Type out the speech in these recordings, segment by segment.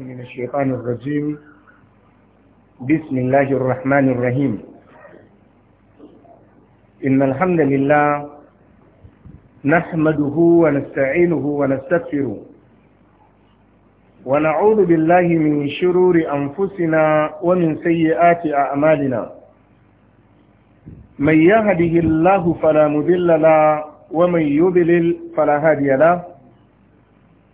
من الشيطان الرجيم بسم الله الرحمن الرحيم إن الحمد لله نحمده ونستعينه ونستغفره ونعوذ بالله من شرور أنفسنا ومن سيئات أعمالنا من يهده الله فلا مذل له ومن يضلل فلا هادي له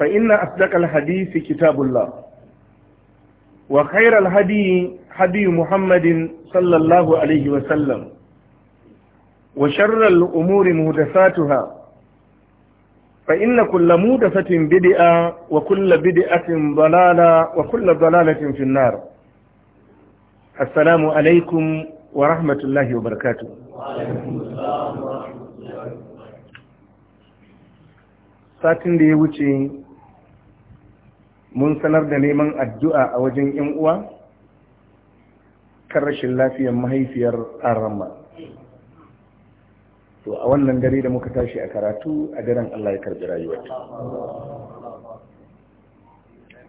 فإن أصدق الحديث كتاب الله وخير الهدي هدي محمد صلى الله عليه وسلم وشر الأمور مهدفاتها فإن كل مودفة بدئة وكل بدئة ضلالة وكل ضلالة في النار السلام عليكم ورحمة الله وبركاته وعليكم السلام ورحمة الله وبركاته ساتن دي وچي mun sanar da neman addu'a a wajen ‘yan uwa kan rashin lafiyar mahaifiyar arama to a wannan dare da muka tashi a karatu a daren Allah ya karbi rayuwarta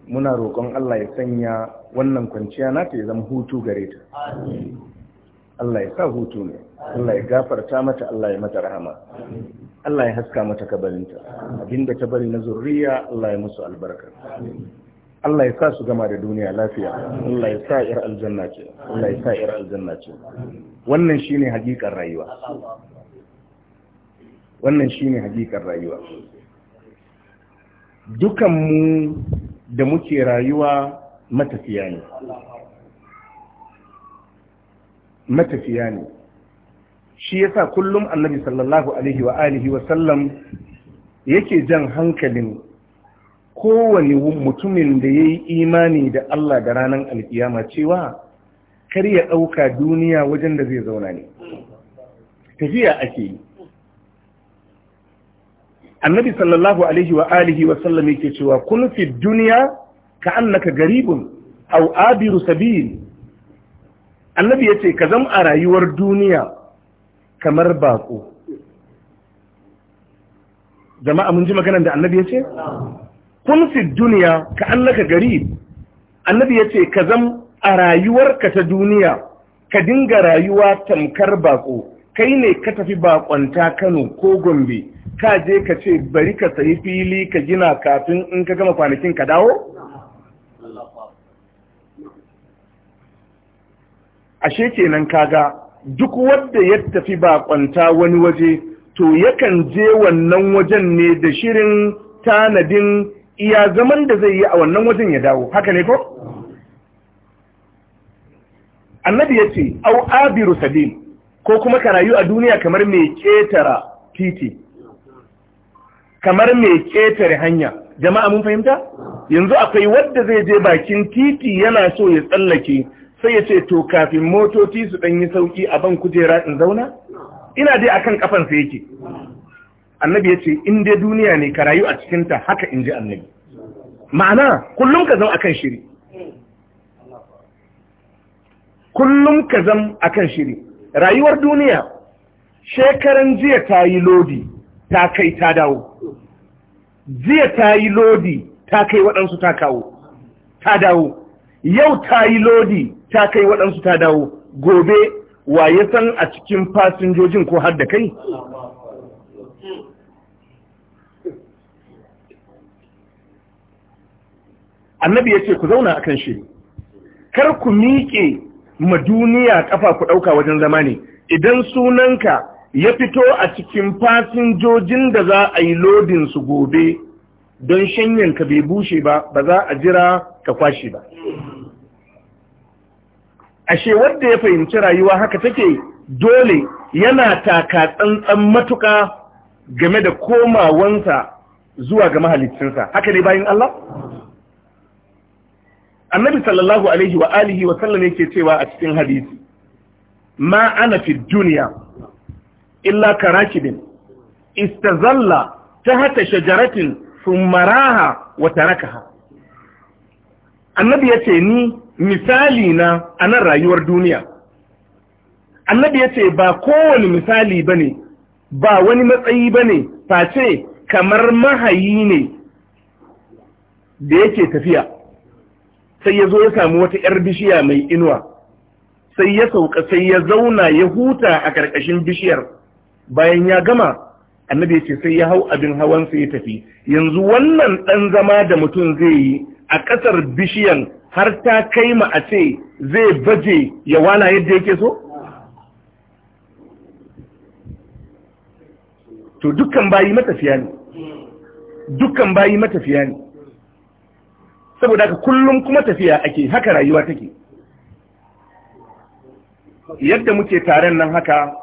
muna roƙon Allah ya sanya wannan kwanciya ta ya zama hutu gare ta Allah ya sa hutu ne Allah ya gafarta mata Allah ya mata rahama Allah ya haska mata kabarinta abinda ta bari na zurriya Allah ya musu albarka Allah ya sa su gama da duniya lafiya Allah ya sa ir aljanna ce Allah ya sa ir aljanna ce wannan shine hakikar rayuwa wannan shine hakikar rayuwa dukan mu da muke rayuwa matafiya ne matafiya ne shi yasa kullum annabi sallallahu alaihi wa alihi wa sallam yake jan hankalin kowane mutumin da ya yi imani da Allah da ranar alkiyama cewa kar ya ɗauka duniya wajen da zai zauna ne tafiya ake yi annabi sallallahu alaihi wa alihi wa sallam yake cewa kun fi duniya ka annaka garibun aw abiru sabil annabi yace ka zama a rayuwar duniya kamar baƙo jama'a mun ji maganar da annabi ya ce? kun fi duniya ka annaka gari annabi ya ce ka zam a rayuwarka ta duniya ka dinga rayuwa tamkar baƙo kai ne ka tafi baƙonta kano ko gombe ka je ka ce bari ka sayi fili ka gina kafin in ka gama kwanakin ka dawo? ashe kenan kaga duk wanda ya tafi baƙonta wani waje to yakan je wannan wajen ne da shirin tanadin iya zaman da zai yi a wannan wajen ya dawo haka ne ko annabi ya ce au abiru sabil ko kuma ka rayu a duniya kamar mai ketara titi kamar mai ketare hanya jama'a mun fahimta yanzu akwai wanda zai je bakin titi yana so ya tsallake sai ya ce to kafin motoci su ɗan yi sauƙi a ban kujera in zauna ina dai akan kafan sa yake annabi ya ce in dai duniya ne ka rayu a cikinta haka in ji annabi ma'ana kullum ka zama akan shiri kullum ka zama akan shiri rayuwar duniya shekaran jiya ta yi lodi ta kai ta dawo jiya ta yi lodi ta kai waɗansu ta kawo ta dawo yau ta yi lodi ta kai waɗansu ta dawo gobe wa ya san a cikin fasinjojin ko har da kai annabi ya ce ku zauna akan shiri kar ku miƙe ma duniya ƙafa ku ɗauka wajen zama ne idan sunanka ya fito a cikin fasinjojin da za a yi lodin su gobe don shanyanka bai bushe ba ba za a jira ka kwashe ba ashe wanda ya fahimci rayuwa haka take dole yana taka tsantsan matuka game da komawansa zuwa ga mahalicinsa haka ne bayan Allah annabi sallallahu alaihi wa alihi wa sallam yake cewa a cikin hadisi ma ana fi duniya illa karakibin istazalla ta hata shajaratin sun maraha wa tarakaha annabi ya ce ni misali na a nan rayuwar duniya annabi ya ce ba kowane misali ba ne ba wani matsayi ba ne face kamar mahayi ne da yake tafiya sai ya zo ya samu wata 'yar bishiya mai inuwa sai ya sauka sai ya zauna ya huta a ƙarƙashin bishiyar bayan ya gama annabi ya ce sai ya hau abin hawansa ya tafi yanzu wannan ɗan zama da mutum zai yi a ƙasar bishiyan har ta kai ma a ce zai baje ya wala yadda yake so? To dukkan bayi matafiya ne, dukkan bayi matafiya ne, saboda ka kullum kuma tafiya ake haka rayuwa take. Yadda muke taren nan haka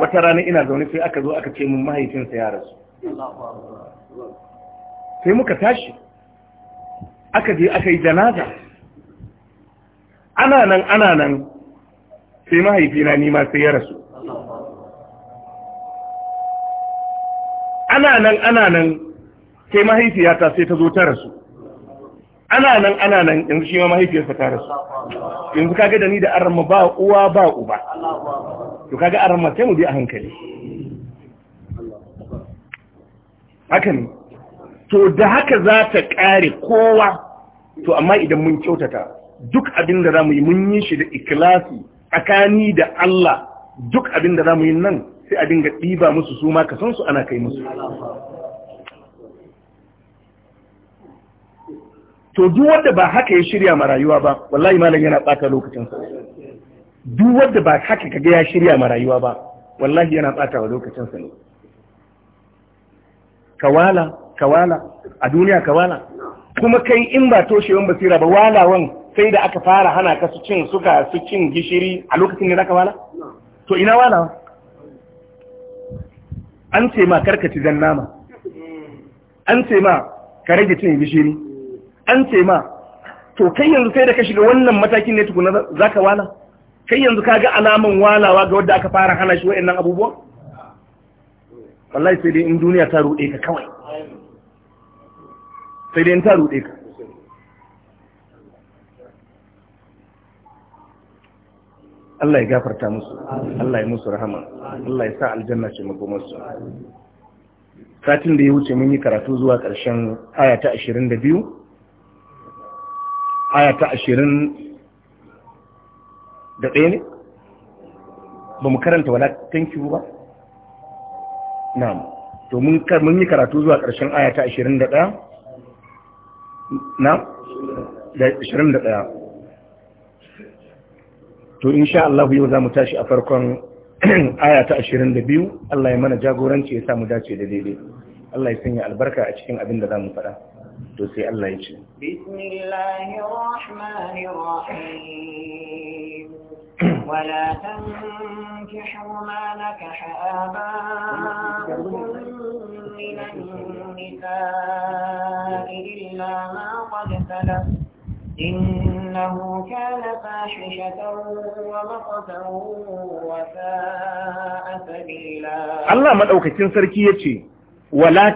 wata rana ina zaune sai aka zo aka ce mun mahaifinsa ya rasu. Sai muka tashi. aka je aka yi janaza ana nan ana nan sai mahaifina nima sai ya rasu ana nan ana nan sai mahaifiyata sai ta zo ta rasu ana nan ana nan yanzu shi ma mahaifiyarsa ta rasu yanzu kaga da ni da arama ba uwa ba uba to kaga arama sai mu bi a hankali haka ne to da haka za ta ƙare kowa to amma idan mun kyautata duk abin da za mu yi mun yi shi da ikilasi tsakani da Allah duk abin da za mu yi nan sai a dinga ɗiba musu su ma ka san su ana kai musu to duk wanda ba haka ya shirya ma rayuwa ba wallahi malam yana ɓata lokacinsa duk wanda ba haka kaga ya shirya ma rayuwa ba wallahi yana ɓata wa lokacinsa ne kawala ka wala a duniya ka wala kuma kai in ba toshewan basira ba walawan sai da aka fara hana ka su cin suka su cin gishiri a lokacin da zaka wala to ina walawa an ce ma karka ci nama an ce ma ka rage cin gishiri an ce ma to kai yanzu sai da ka shiga wannan matakin ne tukuna zaka wala kai yanzu ka ga alaman walawa ga wadda aka fara hana shi wa'annan abubuwa wallahi sai dai in duniya ta ruɗe ka kawai sai dai ta ruɗe ka Allah ya gafarta musu Allah ya musu rahama Allah ya sa aljanna ce makomarsu satin da ya wuce mun yi karatu zuwa ƙarshen aya ta 22 aya ta 20 da ɗaya ne ba mu karanta wala thank you ba na'am to mun yi karatu zuwa ƙarshen aya ta 21 na da 21 to insha Allah yau za mu tashi a farkon aya ta 22 Allah ya mana jagoranci ya samu dace da daidai Allah ya sanya albarka a cikin abin da za mu faɗa to sai Allah ya ce ولا تنكحوا ما نكح آباؤكم من النساء إلا ما قد سلف إنه كان فاحشة ومقتا وساء سبيلا الله من ولا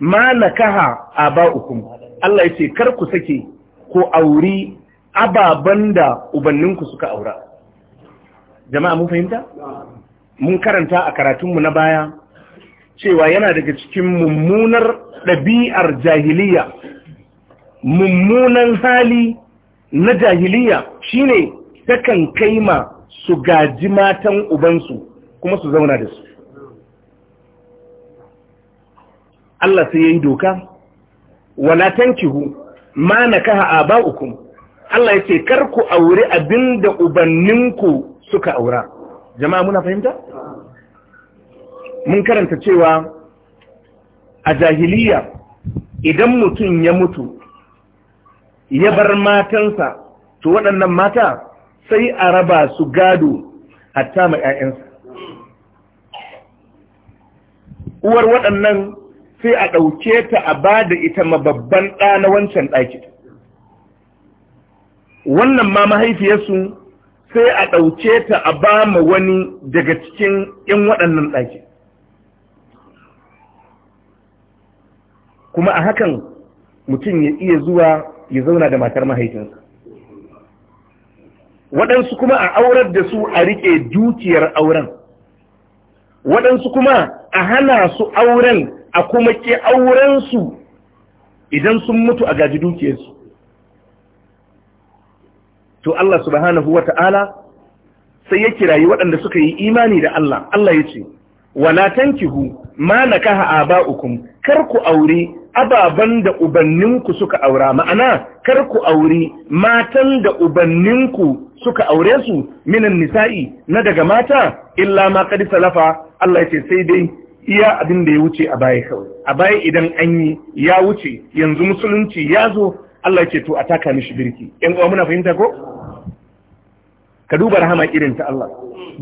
ما نكها آباؤكم Allah ya ce kar ku sake ko auri ababen da ubanninku suka aura. Jama'a mun fahimta? Mun karanta a karatunmu na baya cewa yana daga cikin mummunar ɗabi'ar jahiliya mummunan hali na jahiliya shine takan kaima su gaji matan ubansu kuma su zauna da su Allah sai ya yi doka wala tankihu ma nakaha aba'ukum Allah yake kar ku aure abinda ubanninku suka aura jama'a muna fahimta mun karanta cewa a jahiliya idan mutum ya mutu ya bar matansa to waɗannan mata sai a raba su gado a tama 'ya'yansa uwar waɗannan sai a ɗauke ta a ba da ita babban ɗa na wancan ɗaki wannan ma mahaifiyarsu sai a ɗauke ta a ba ma wani daga cikin 'yan waɗannan ɗaki kuma a hakan mutum ya iya zuwa ya zauna da matar mahaifinsa waɗansu kuma a aurar da su a riƙe dukiyar auren waɗansu kuma a hana su auren a kuma ke aurensu idan sun mutu a gaji dukiyarsu to Allah subhanahu wa ta'ala sai ya kirayi waɗanda suka yi imani da Allah Allah ya ce wala tankihu ma nakaha aba'ukum kar ku aure ababan da ubanninku suka aura ma'ana kar ku aure matan da ubanninku suka aure su minan nisa'i na daga mata illa ma qad salafa Allah yace sai dai iya abin da ya wuce a baya kawai a baya idan an yi ya wuce yanzu musulunci ya zo Allah yace to a taka mishi birki yan uwa muna fahimta ko ka duba rahama irin ta Allah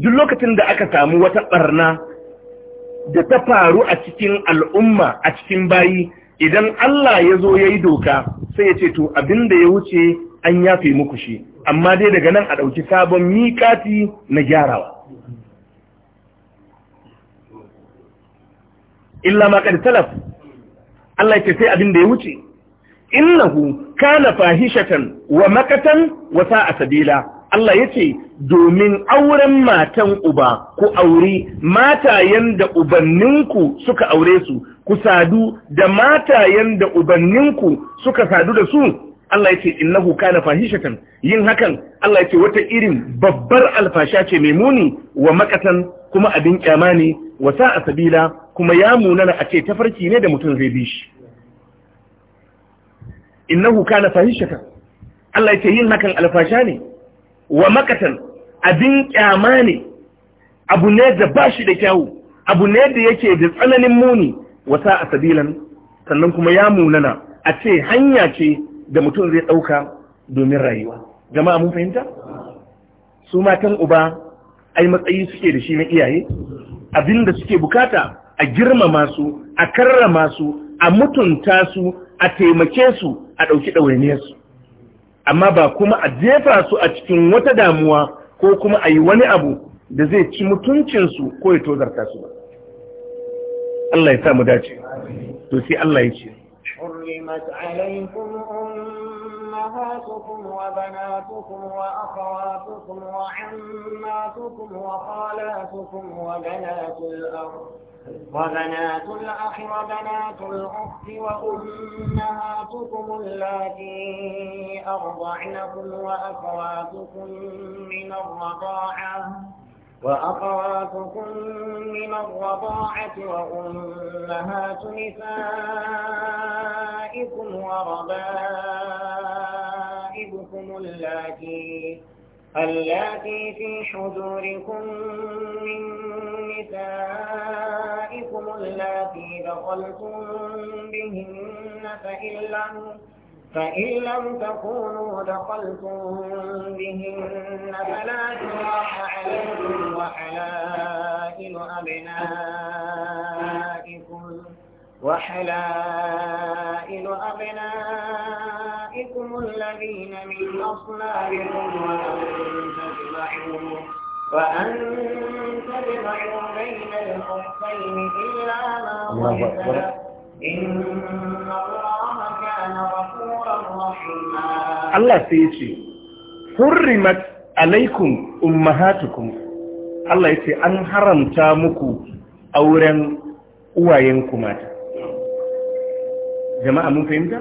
duk lokacin da aka samu wata barna da ta faru a cikin al'umma a cikin bayi idan Allah ya zo ya yi doka sai ya ce to abin da ya wuce an yafe muku shi amma dai daga nan a ɗauki sabon miƙati na gyarawa illa ma kad talaf Allah ya ce sai abin da ya wuce innahu kana fahishatan wa makatan wa sa'a sabila Allah ya ce domin auren matan uba ku auri matayen da ubanninku suka aure su ku sadu da matayen da ubanninku suka sadu da su Allah ya ce innahu kana fahishatan yin hakan Allah ya ce wata irin babbar alfasha ce mai muni wa makatan kuma abin kyama ne wa a sabila kuma ya munana a ce tafarki ne da mutum zai bi shi innahu kana fahishatan Allah ya ce yin hakan alfasha ne wa makatan abin kyama ne abu ne da ba shi da kyawu abu ne da yake da tsananin muni wasa a sabilan sannan kuma ya munana a ce hanya ce da mutum zai ɗauka domin rayuwa jama'a mun fahimta su matan uba ai matsayi suke da shi na iyaye abin da suke bukata a girmama su a karrama su a mutunta su a taimake su a ɗauki ɗawainiyarsu amma ba kuma a jefa su a cikin wata damuwa ko kuma a yi wani abu da zai ci mutuncinsu ko ya tozarta su ba Allah ya sa dace to sai Allah ya ce أمهاتكم وبناتكم وأخواتكم وعماتكم وخالاتكم وبنات الأرض وبنات الأخ وبنات الأخت وأمهاتكم اللاتي أرضعنكم وأخواتكم من الرضاعة وأخواتكم من الرضاعة وأمهات نسائكم وربائبكم اللاتي اللاتي في حضوركم من نسائكم اللاتي دخلتم بهن فإن لم فإن لم تكونوا دخلتم بهن فلا تراح عليكم وحلائل أبنائكم وحلائل أبنائكم الذين من أصلابكم وأن تجمعوا بين الخفين إلا ما قد إن الله Allah sai ce, Hurrimat alaikum ummahatukum Allah ya ce an haramta muku auren uwayenku kumata. Jama'a mun fahimta?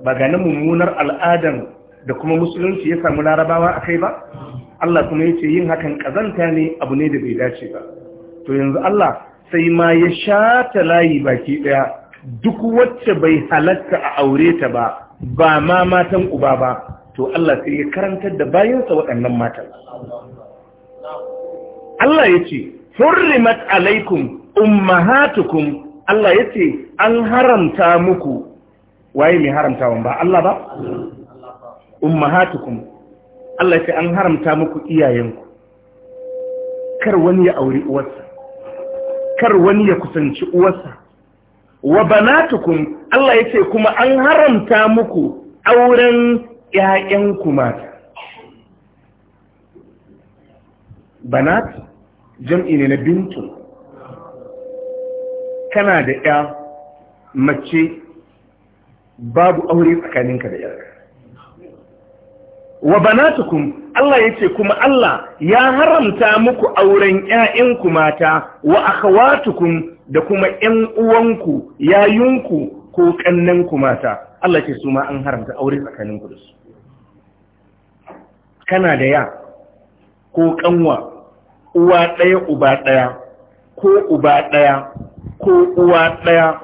Ba gani mummunar al'adan da kuma musulunci ya samu larabawa a kai ba? Allah kuma ya ce yin hakan ƙazanta ne abu ne da bai dace ba. To yanzu Allah sai ma ya shata layi baki ɗaya duk wacce bai halatta a aure ta ba ba ma matan uba ba to Allah sai ya karantar da bayansa waɗannan matan Allah ya ce hurrimat alaikum ummahatukum Allah ya ce an haramta muku waye mai haramtawan ba Allah ba ummahatukum Allah ya ce an haramta muku iyayenku kar wani ya aure uwarsa kar wani ya kusanci uwarsa wa banatukum Allah yace kuma an haramta muku auren 'ya'yanku mata banat jam'i ne na bintu kana da ƴa mace babu aure tsakaninka da ƴarka wa banatukum Allah yace kuma Allah ya haramta muku auren ƴaƴanku mata wa akhawatukum da kuma ƴan uwanku yayunku ko kannanku mata Allah ce su ma an haramta aure tsakaninku da su kana da ya ko kanwa uwa ɗaya uba ɗaya ko uba ɗaya ko uwa ɗaya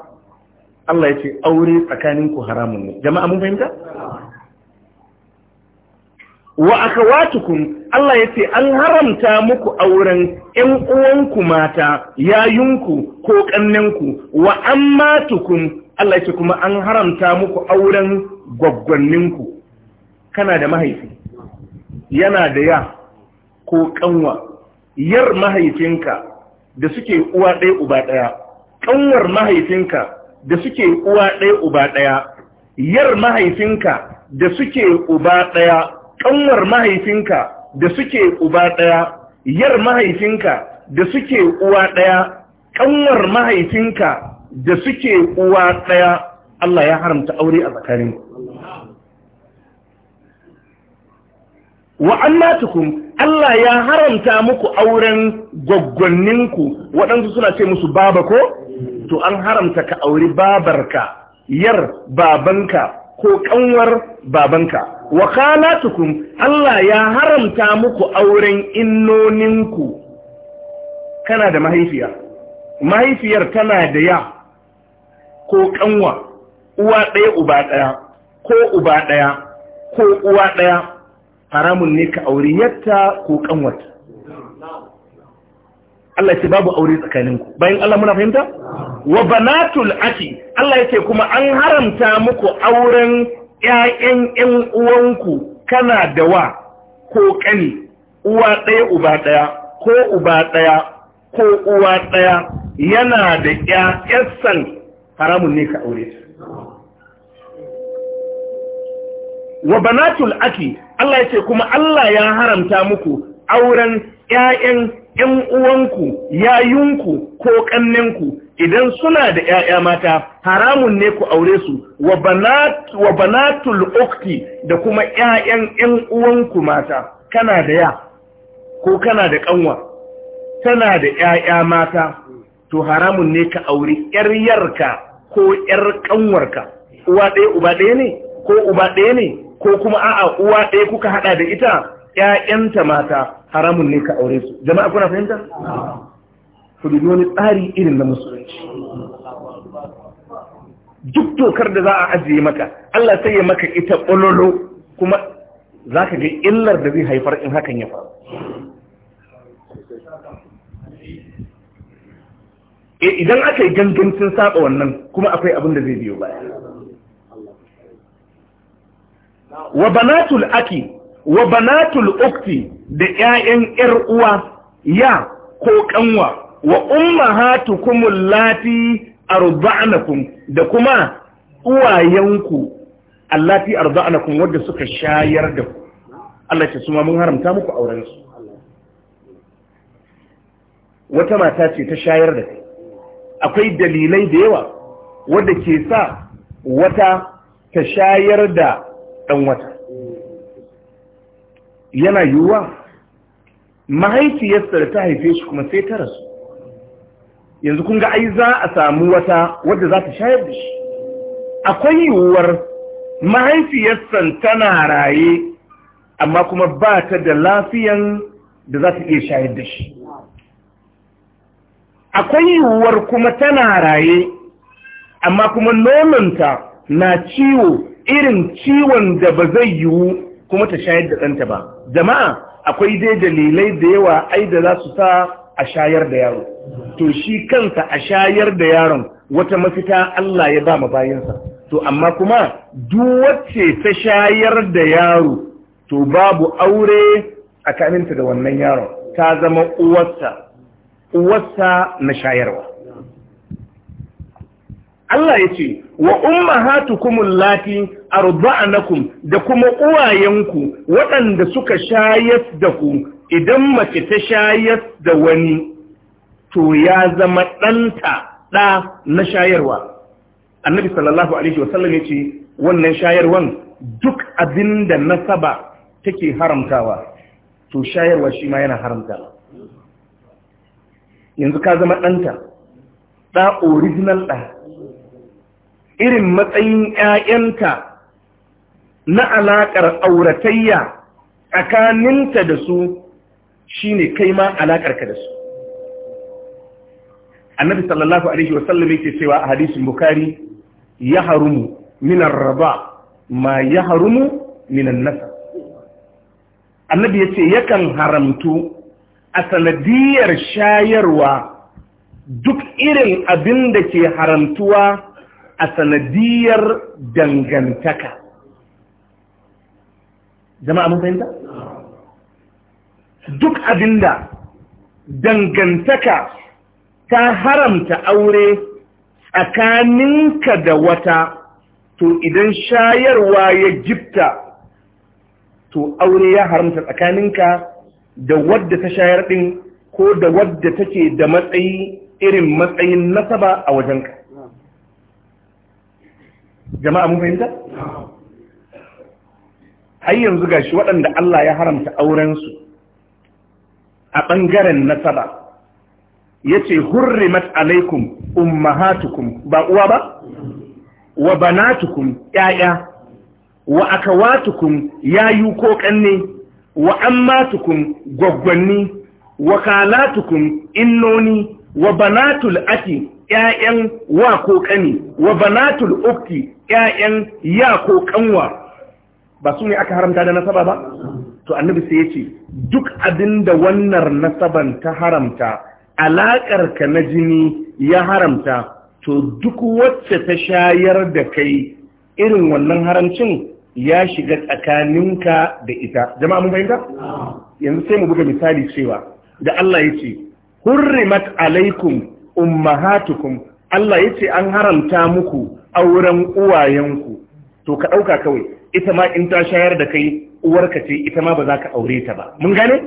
Allah yace aure tsakaninku haramun ne jama'a mun fahimta wa akawatukum Allah yace an haramta muku auren ƴan uwanku mata yayunku ko ƙannenku. wa ammatukum Allah yace kuma an haramta muku auren gwaggwanninku kana da mahaifi yana da ya ko kanwa yar mahaifinka da suke uwa ɗaya uba ɗaya kanwar mahaifinka da suke uwa ɗaya uba ɗaya yar mahaifinka da suke uba ɗaya ƙanwar mahaifinka da suke uba ɗaya yar mahaifinka da suke uwa ɗaya ƙanwar mahaifinka da suke uwa ɗaya Allah ya haramta aure a tsakanin Wa'an matukun, Allah ya haramta muku auren gwaggwanninku waɗansu suna ce musu baba ko to an haramta ka auri babarka yar babanka ko ƙanwar babanka wa khalatukum Allah ya haramta muku auren innoninku kana da mahaifiya mahaifiyar tana da ya ko kanwa uwa ɗaya uba ɗaya ko uba ɗaya ko uwa ɗaya haramun ne ka aure yatta ko kanwata Allah ce babu aure tsakaninku bayan Allah muna fahimta wa banatul aki Allah ya ce kuma an haramta muku auren ‘ya'yan ‘yan uwanku kana da wa ko ƙani, uwa ɗaya uba ɗaya, ko uba ɗaya, ko uwa ɗaya yana da ‘ya'yassan haramun ne ka aure su. Wa banatul aki, Allah ce kuma Allah ya haramta muku auren ‘ya'yan ‘yan uwanku, yayunku ko ƙanninku idan suna da ‘ya'ya mata haramun ne ku aure su wa banatul ukti da kuma ‘ya'yan ‘yan uwanku mata kana da ya ko kana da kanwa tana da ‘ya'ya mata to haramun ne ka aure yarka ko ‘yar ƙanwarka uwa ɗaya uba ɗaya ne ko uba ɗaya ne ko kuma a'a uwa ɗaya kuka haɗa da ita ‘ya'yanta mata haramun ne ka aure su jama'a kuna fahimta? ku wani tsari irin na musulunci duk dokar da za a ajiye maka Allah sai ya maka ita ƙololo kuma za ka ga illar da zai haifar in hakan ya faru e idan aka yi gangancin saba wannan kuma akwai abin da zai biyo baya wa banatul aki wa banatul ukti da 'ya'yan 'yar uwa ya ko kanwa wa ummahatukum allati arda'nakum da kuma uwayenku allati arda'nakum wanda suka shayar da ku Allah ce su mun haramta muku auren su wata mata ce ta shayar da kai akwai dalilai da yawa wanda ke sa wata ta shayar da ɗan wata yana yiwuwa mahaifiyarsa da ta haife shi kuma sai ta rasu yanzu kun ga ai za a samu wata wadda za ta shayar da shi akwai yiwuwar mahaifiyarsa tana raye amma kuma ba ta da lafiyan da za ta iya shayar da shi akwai yiwuwar kuma tana raye amma kuma nomanta na ciwo irin ciwon da ba zai yiwu kuma ta shayar da ɗanta ba jama'a akwai dai dalilai da yawa ai da za su sa a shayar da yaro to shi kansa a shayar da yaron wata mafita Allah ya ba ma bayansa to amma kuma duk wacce ta shayar da yaro to babu aure a kaninta da wannan yaron ta zama uwarsa uwarsa na shayarwa Allah ya ce wa umma ummahatukumul lati arda'anakum da kuma uwayenku waɗanda suka shayar da ku idan mace ta shayar da wani to ya zama ɗanta ɗa na shayarwa annabi sallallahu alaihi wasallam ya ce wannan shayarwan duk abin da nasaba take haramtawa to shayarwa shi ma yana haramtawa yanzu ka zama ɗanta ɗa original ɗa irin matsayin ‘ya'yanta na alaƙar auratayya tsakaninta da su shine kai ma ka da su annabi sallallahu alaihi wa yake cewa a hadisin Bukari ya harumu minan raba ma ya harumu minan nasa annabi yace yakan haramtu a sanadiyar shayarwa duk irin abin da ke haramtuwa a sanadiyar dangantaka jama'a mun fahimta duk abinda dangantaka ta haramta aure tsakaninka da wata to idan shayarwa ya jifta to aure ya haramta tsakaninka da wadda ta shayar din ko da wadda take da matsayi irin matsayin nasaba a wajenka jama'a mun fahimta? har yanzu gashi waɗanda Allah ya haramta aurensu a ɓangaren nasaba ya ce hurrimat alaikum ummahatukum ba uwa ba wa banatukum ƴaƴa wa akawatukum yayu ko ƙanne wa ammatukum gwaggwanni wa kalatukum innoni wa banatul ati 'ya'yan wa ko ƙani wa banatul ukti 'ya'yan ya ko ƙanwa ba su ne aka haramta da nasaba ba to annabi sai ya ce duk abinda wannan nasaban ta haramta alakar ka na jini ya haramta to duk wacce ta shayar da kai irin wannan haramcin ya shiga tsakaninka da ita jama'a mun fahimta yanzu sai mu buga misali cewa da Allah yace hurrimat alaikum ummahatukum Allah yace an haramta muku auren uwayenku to ka ɗauka kawai ita ma in ta shayar da kai uwarka ce ita ma ba za ka aure ta ba mun gane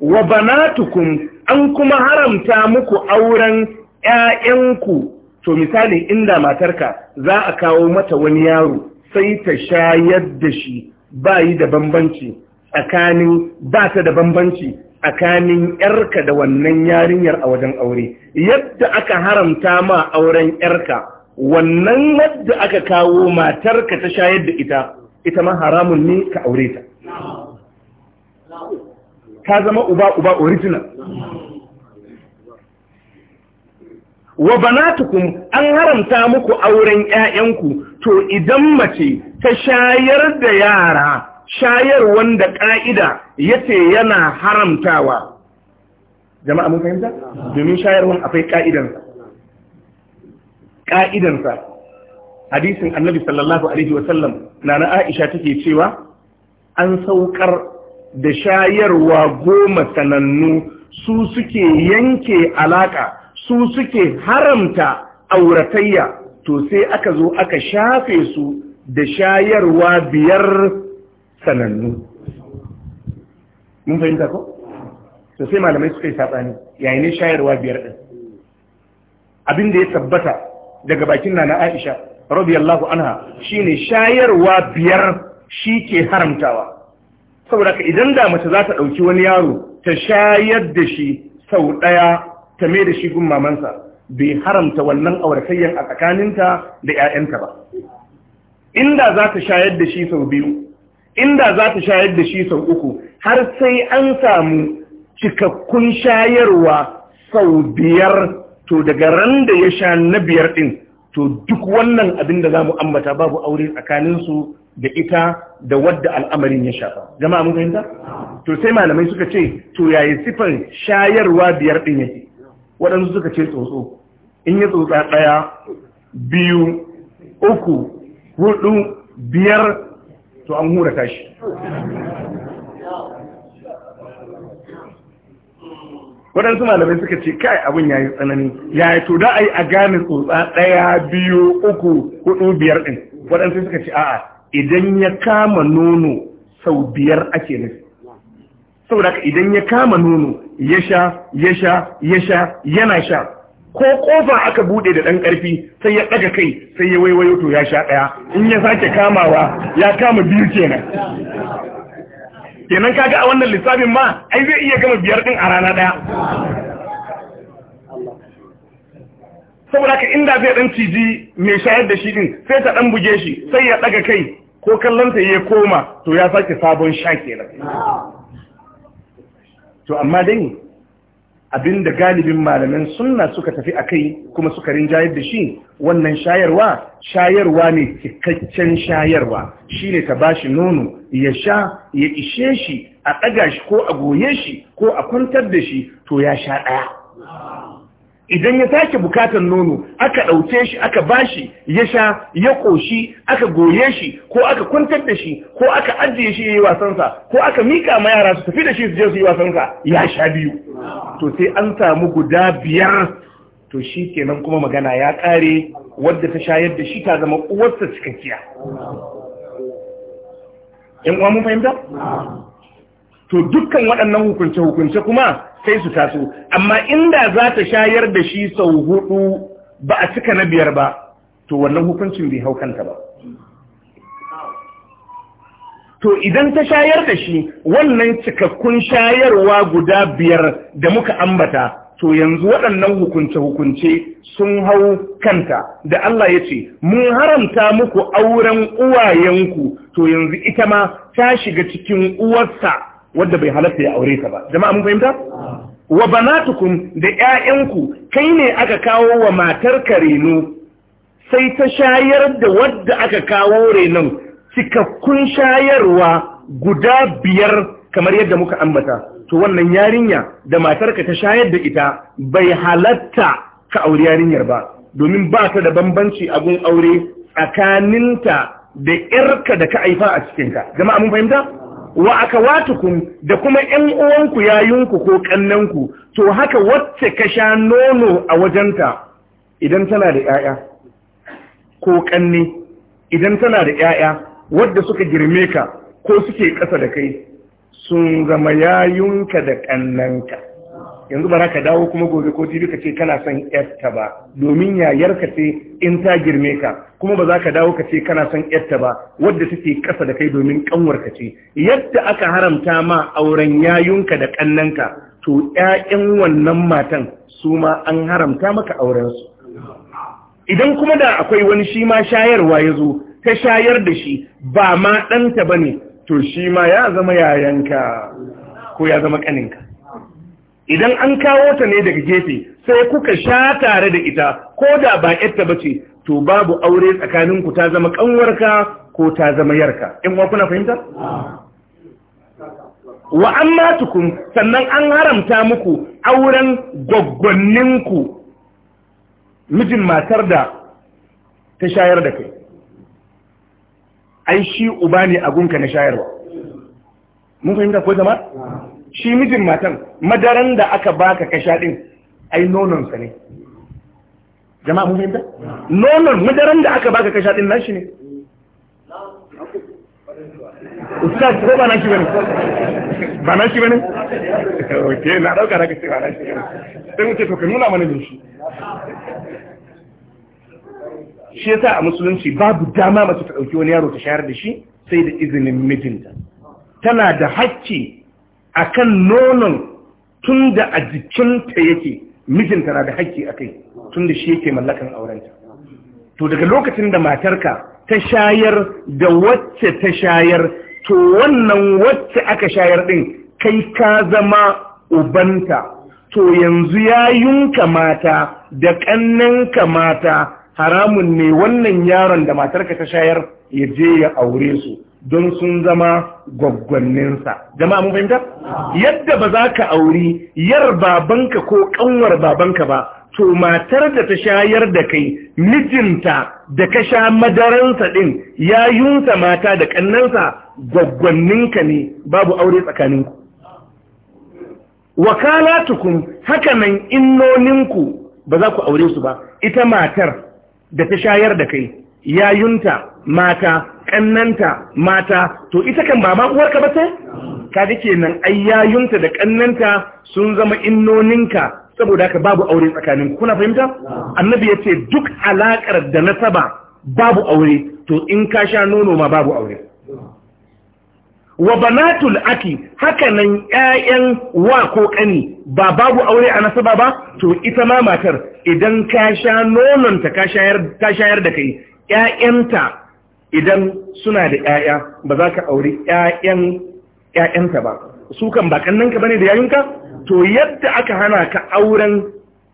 wa banatukum an kuma haramta muku auren 'ya'yanku? to misali inda matarka za a kawo mata wani yaro sai ta shayar da shi ba yi da bambanci tsakanin ba ta da bambanci tsakanin yarka da wannan yarinyar a wajen aure yadda aka haramta ma auren yarka wannan yadda aka kawo matarka ta shayar da ita ita ma haramun ne ka aure ta ka zama uba uba original wa banatukum an haramta muku auren ƴaƴanku to idan mace ta shayar da yara shayar wanda ƙa'ida yace yana haramtawa jama'a mun fahimta domin shayarwan akwai ƙa'idansa ƙa'idansa hadisin annabi sallallahu alaihi sallam na na aisha take cewa an saukar da shayarwa goma sanannu su suke yanke alaka su suke haramta auratayya to sai aka zo aka shafe su da shayarwa biyar sanannu mun fahimta ko? to sai malamai suka yi saɓani yayin shayarwa biyar ɗin abin da ya tabbata daga bakin na na aisha radiyallahu anha shine shayarwa biyar shi ke haramtawa saboda ka idan da mace za ta ɗauki wani yaro ta shayar da shi sau ɗaya ta mai da shi gun mamansa bai haramta wannan auratayyan a tsakaninta da 'ya'yanta ba inda za ta shayar da shi sau biyu inda za ta shayar da shi sau uku har sai an samu cikakkun shayarwa sau biyar to daga ran da ya sha na biyar ɗin to duk wannan abin da za mu ambata babu aure tsakaninsu da ita da wadda al'amarin ya shafa jama'a mun fahimta to sai malamai suka ce to yayi sifan shayarwa biyar din yake waɗansu suka ce tsotso in ya tsotsa ɗaya biyu uku hudu biyar to an hura tashi waɗansu malamai suka ce kai abin ya yi tsanani ya yi to da a yi a gane tsotsa ɗaya biyu uku hudu biyar ɗin waɗansu suka ce a'a idan ya kama nono sau biyar ake nufi saboda idan ya kama nono ya sha ya sha ya sha yana sha ko kofa aka bude da ɗan ƙarfi sai ya ɗaga kai sai ya waiwayo to ya sha ɗaya in ya sake kamawa ya kama biyu kenan kenan kaga a wannan lissafin ma ai zai iya gama biyar din a rana daya saboda ka inda zai dan ciji mai shayar da shi din sai ta dan buge shi sai ya daga kai ko kallonta ya koma to ya sake sabon sha kenan to amma dai abinda galibin malaman sunna suka tafi a kai kuma suka rinjayar da shi wannan shayarwa shayarwa ne cikakken shayarwa shine ne ta bashi nono ya sha ya ishe shi a ɗaga shi ko a goye shi ko a kwantar da shi to ya sha ɗaya idan ya sake bukatar nono aka ɗauke shi aka bashi ya sha ya ƙoshi aka goye shi ko aka kwantar da shi ko aka ajiye shi ya yi wasansa ko aka miƙa ma yara su tafi da shi su je su yi wasansa ya sha biyu to sai an samu guda biyar to shi kenan kuma magana ya ƙare wadda ta shayar da shi ta zama uwarsa cikakkiya in uwa mun fahimta to dukkan waɗannan hukunce-hukunce kuma sai su taso amma inda za ta shayar da shi sau hudu ba a cika na biyar ba to wannan hukuncin bai hau kanta ba to idan ta shayar da shi wannan cikakkun shayarwa guda biyar da muka ambata to yanzu waɗannan hukunce-hukunce sun hau kanta da Allah ya ce mun haramta muku auren uwayenku to yanzu ita ma ta shiga cikin uwarsa wadda bai halatta ya aure ta ba jama'a mun fahimta wa banatukum da ƴaƴanku kai ne aka kawo wa matar karenu sai ta shayar da wadda aka kawo renon cikakkun shayarwa guda biyar kamar yadda muka ambata to wannan yarinya da matarka ta shayar da ita bai halatta ka auri yarinyar ba domin ba ta da bambanci a gun aure tsakaninta da irka da ka haifa a cikinka jama'a mun fahimta wa akawatukum da kuma ƴan uwanku yayinku ko kannanku to haka wacce ka sha nono a wajenta idan tana da ƴaƴa ko kanne idan tana da ƴaƴa wadda suka girme ka ko suke ƙasa da kai sun zama yayunka da kannanka yanzu ba ka dawo kuma gobe ko jibi ka ce kana son yarta ba domin yayar ka ce in ta girme ka kuma ba za ka dawo ka ce kana son yarta ba wadda take kasa da kai domin kanwar ka ce yadda aka haramta ma auren yayunka da kannanka to ƴaƴan wannan matan su ma an haramta maka auren su idan kuma da akwai wani shi ma shayarwa ya zo ta shayar da shi ba ma ɗanta ba ne to shi ma ya zama yayanka ko ya zama ƙaninka idan an kawo ta ne daga gefe sai kuka sha tare da ita ko da ba ba ce, to babu aure tsakanin ku ta zama kanwarka ko ta zama yarka in wa kuna fahimta wa an matukun sannan an haramta muku auren gwaggwanninku mijin matar da ta shayar da kai ai shi uba ne a gunka na shayarwa mun fahimta ko zama shi mijin matan madaran da aka baka kasha din ai nonon sa ne jama'a mun fahimta nonon madaran da aka baka kasha sha din nashi ne Ustaz ko ba nashi bane ba nashi bane Oke, na dauka kace cewa nashi bane sai mu to ka nuna mana ne shi shi yasa a musulunci babu dama mace ta dauki wani yaro ta shayar da shi sai da izinin mijinta tana da hakki akan nonon tun da a jikinta yake mijinta na da haƙƙi a kai tun da shi yake mallakan aurenta to daga lokacin da matarka ta shayar da wacce ta shayar to wannan wacce aka shayar ɗin kai ka zama ubanta to yanzu yayunka mata da ƙannen mata haramun ne wannan yaron da matarka ta shayar ya je ya aure su don sun zama gwaggwanninsa Zama mun fahimta yadda ba za ka auri yar babanka ko ƙanwar babanka ba to matar da ta shayar da kai mijinta da ka sha madaransa din yayunsa mata da kannansa gwaggwanninka ne babu aure tsakaninku haka nan innoninku ba za ku aure su ba ita matar da ta shayar da kai yayunta mata kannanta mata to ita kan ba ma uwarka ba Ka kaga kenan ai yayunta da kannanta sun zama innoninka saboda haka babu aure tsakanin kuna fahimta annabi ya ce duk alaƙar da nasaba babu aure to in ka sha nono ma babu aure wa banatul aki hakanan ƴaƴan wa ko ƙani ba babu aure a nasaba ba to ita ma matar idan ka sha nononta ka shayar da kai ‘ya'yanta idan suna da ‘ya'ya ba za ka auri ‘ya'yanta ba su kan ba nan ba ne da yayinka to yadda aka hana ka auren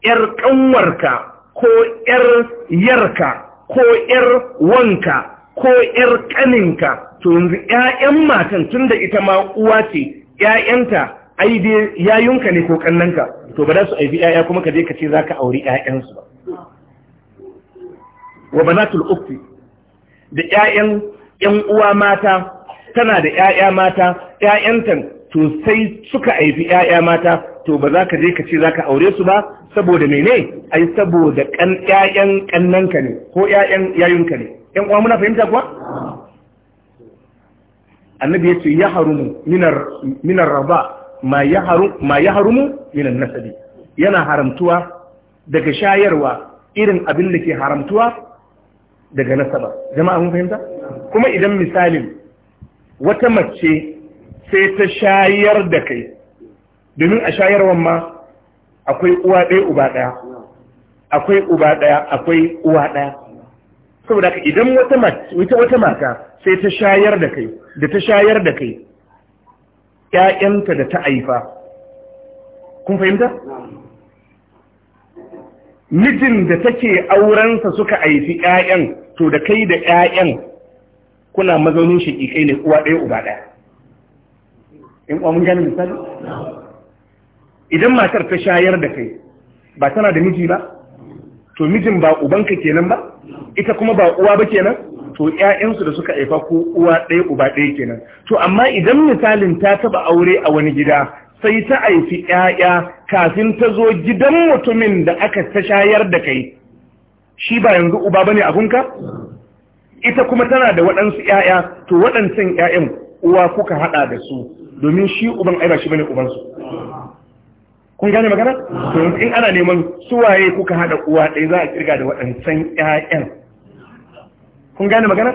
‘yar ƙanwarka ko ‘yar yarka ko ‘yar wanka ko ‘yar ƙaninka to yanzu ‘ya'yan matan tun da ita ma uwa ce ‘ya'yanta ai yayinka ne ko ƙannenka, to ba za su aifi ‘ya'ya kuma ka je ka ce za ka auri ‘ya'yansu ba wa banatul ukti da ƴaƴan ƴan uwa mata tana da ƴaƴa mata ƴaƴanta to sai suka aifi ƴaƴa mata to ba za ka je ka ce za ka aure su ba saboda mene ai saboda kan ƴaƴan kannanka ne ko ƴaƴan yayunka ne ƴan uwa muna fahimta kuwa annabi yace ya harumu minar minar raba ma ya haru ma ya harumu minan nasabi yana haramtuwa daga shayarwa irin abin da ke haramtuwa daga nasaba jama'a mun fahimta kuma idan misalin wata mace sai ta shayar da kai domin a shayarwan ma akwai uwa ɗaya uba ɗaya akwai uba ɗaya akwai uwa ɗaya saboda ka idan wata mata sai ta shayar da kai da ta shayar da kai ƴaƴanta da ta aifa kun fahimta? mijin da take aurensa suka aifi ƴaƴan to da kai da ƴaƴan kuna mazaunin shiƙiƙai ne uwa ɗaya uba ɗaya in mun gane misali idan matar ta shayar da kai ba tana da miji ba to mijin ba ubanka kenan ba ita kuma ba uwa ba kenan to 'ya'yansu da suka haifa ko uwa ɗaya uba ɗaya kenan to amma idan misalin ta taba aure a wani gida sai ta aifi ƴaƴa kafin ta zo gidan mutumin da aka ta shayar da kai shi ba yanzu uba bane abunka ita kuma tana da waɗansu ƴaƴa to waɗancan ƴaƴan uwa kuka haɗa da su domin shi uban ai ba shi bane uban su kun gane magana to in ana neman suwaye kuka haɗa uwa ɗaya za a kirga da waɗancan ƴaƴan kun gane magana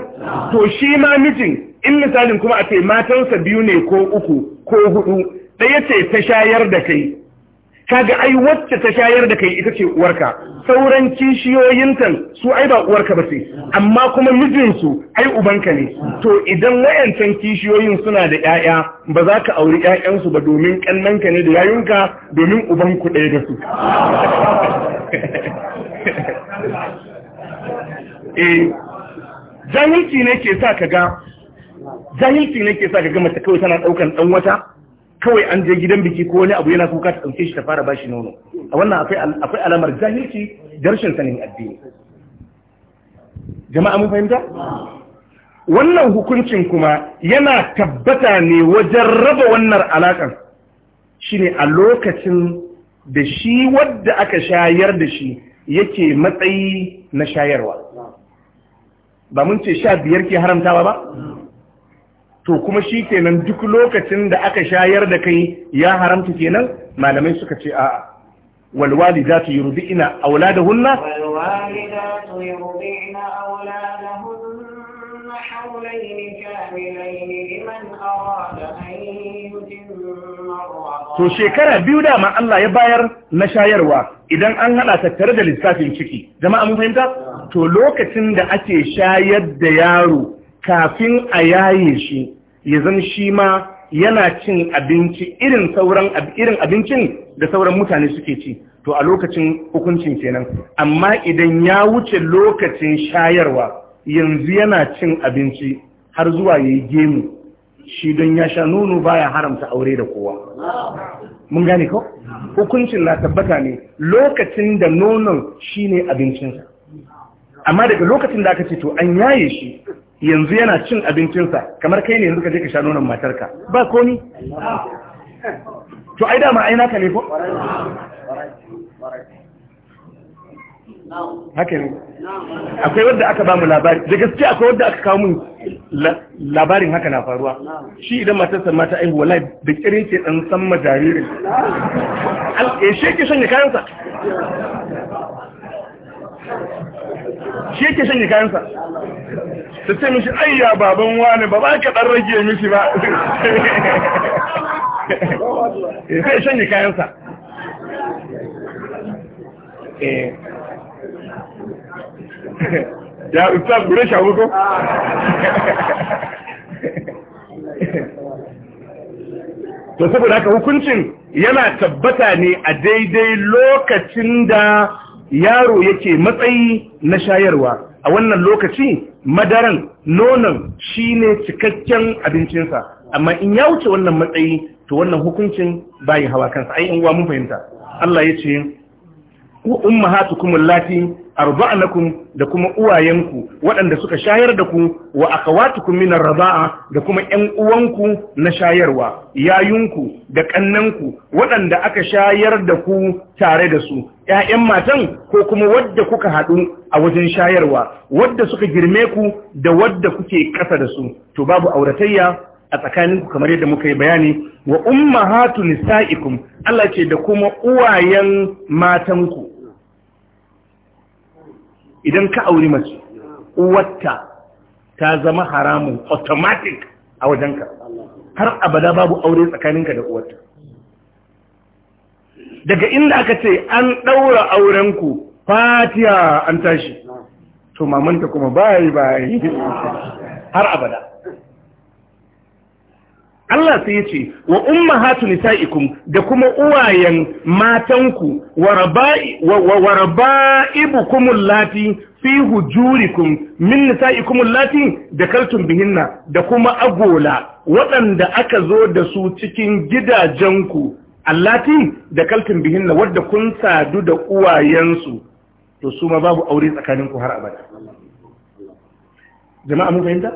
to shi ma mijin in misalin kuma a ce matansa biyu ne ko uku ko hudu ya ce ta shayar da kai kaga ai wacce ta shayar da kai ita ce uwarka sauran kishiyoyinta su ai ba uwarka ba ce amma kuma mijinsu ai ubanka ne to idan wayancan kishiyoyin suna da 'ya'ya ba za ka auri 'ya'yansu ba domin kannanka ne da yayunka domin ubanku ɗaya da su eh, jahilci ne ke sa ka jahilci ne kawai tana ɗaukan ɗan wata kawai an je gidan biki ko wani abu yana kuka ta ɗauke shi ta fara bashi nono a wannan akwai alamar jahilci da sanin addini jama'a mun fahimta wannan hukuncin kuma yana tabbata ne wajen raba wannan alaƙar shine a lokacin da shi wadda aka shayar da shi yake matsayi na shayarwa ba mun ce sha biyar ke haramtawa ba to kuma shi kenan duk lokacin da aka shayar da kai ya haramta kenan malamai suka ce a'a والوالدات يرضئن أولادهن a يرضئن أولادهن حولين كاملين لمن أراد أن To shekara biyu dama Allah ya bayar na shayarwa idan an haɗa tattare da lissafin ciki, jama'a mun fahimta? To lokacin da ake shayar da yaro kafin a yaye shi ya zan shi ma yana cin abinci irin sauran irin abincin da sauran mutane suke ci to a lokacin hukuncin kenan amma idan ya wuce lokacin shayarwa yanzu yana cin abinci har zuwa yayi gemu shi don ya sha nono baya haramta aure da kowa mun gane ko hukuncin na tabbata ne lokacin da nonon shine abincinsa amma daga lokacin da aka ce to an yaye shi yanzu yana cin abincinsa kamar kai ne yanzu ka je ka sha nonon matarka ba komi. to ai dama ai naka ne ko haka ne akwai wadda aka ba mu labari da gaske akwai wadda aka kawo mun labarin haka na faruwa shi idan matarsa mata aihu wala da kirin ke dan san ma jaririn ke shanye kayansa shi yake shanye kayansa ta ce mishi ayya baban wani ba ba ka ɗan rage mishi ba eh, sai shanye kayansa eh. ya ustaz gure shawo ko to saboda haka hukuncin yana tabbata ne a daidai lokacin da yaro yake matsayi na shayarwa a wannan lokaci madaran nonon shi ne cikakken abincinsa amma in ya wuce wannan matsayi to wannan hukuncin bayin hawa kansa ai in uwa mun fahimta Allah ya ce wa ummahatukum allati arba'anakum da kuma uwayenku waɗanda suka shayar da ku wa akawatukum min arba'a da kuma ƴan uwanku na shayarwa yayunku da kannanku waɗanda aka shayar da ku tare da su ƴaƴan matan ko kuma wadda kuka haɗu a wajen shayarwa wadda suka girme ku da wadda kuke ƙasa da su to babu auratayya a tsakaninku kamar yadda muka yi bayani wa ummahatu nisaikum Allah ce da kuma uwayen matanku idan ka auri mace uwarta ta zama haramun automatic a wajenka har abada babu aure tsakaninka da uwarta daga inda aka ce an ɗaura aurenku fatiya an tashi to mamanta kuma bayi bayi har abada Allah sai ya ce wa ummahatu nisaikum da kuma uwayen matanku wa rabai rabaibukum allati fi hujurikum min nisaikum allati dakaltum bihinna da kuma agola waɗanda aka zo da su cikin gidajenku allati dakaltum bihinna wadda kun sadu da uwayensu to su ma babu aure tsakaninku har abada jama'a mun fahimta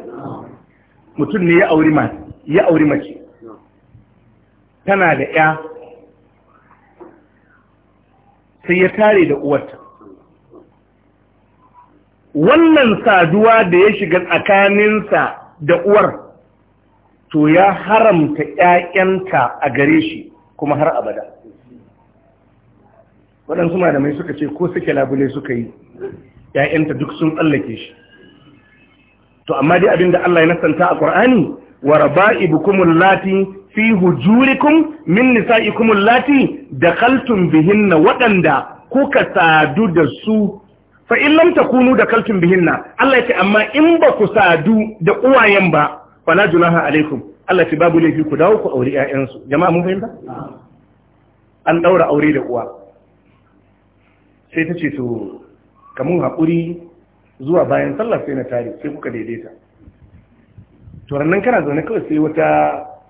mutum ne ya auri mata ya auri mace tana da ya sai ya tare da uwarta wannan saduwa da ya shiga tsakaninsa da uwar to ya haramta ƴaƴanta a gare shi kuma har abada waɗansu malamai suka ce ko suke labule suka yi ƴaƴanta duk sun tsallake shi to amma dai abinda Allah ya nasanta a ƙur'ani. wa raba'ibukum allati fi hujurikum min nisa'ikum allati dakaltum bihinna waɗanda kuka sadu da su fa in lam takunu dakaltum bihinna Allah yace amma in ba ku sadu da uwayen ba fala junaha alaikum Allah ce babu laifi ku dawo ku aure ƴaƴansu jama'a mun fahimta an daura aure da uwa sai ta ce to kamun haƙuri zuwa bayan sallah sai na tare sai kuka daidaita to nan kana zaune kawai sai wata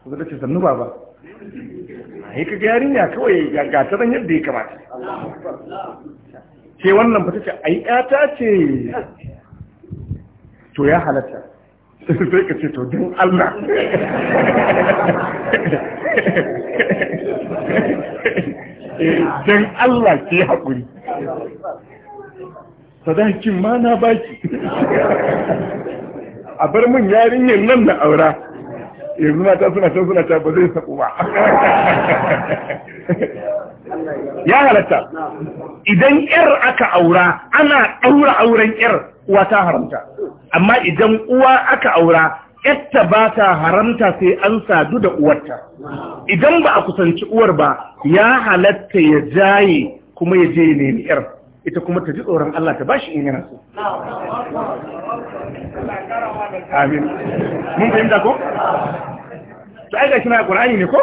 wata ce sannu baba yi ka yarinya kawai ya ta ran yadda ya kamata ke wannan fata ce ai ƴata ce to ya halatta sai ka ce to don Allah don Allah ke haƙuri sadakin ma na baki a bar min yarinyar nan na aura yanzu mata suna can suna ta ba zai saku ba ya halatta idan yar aka aura ana ɗaura auren yar uwa ta haramta amma idan uwa aka aura yatta ba ta haramta sai an sadu da uwarta idan ba a kusanci uwar ba ya halatta ya jaye kuma ya je nemi yar ita kuma ta ji tsoron Allah ta bashi in yana so amin mun fahimta ko to ai shi na qur'ani ne ko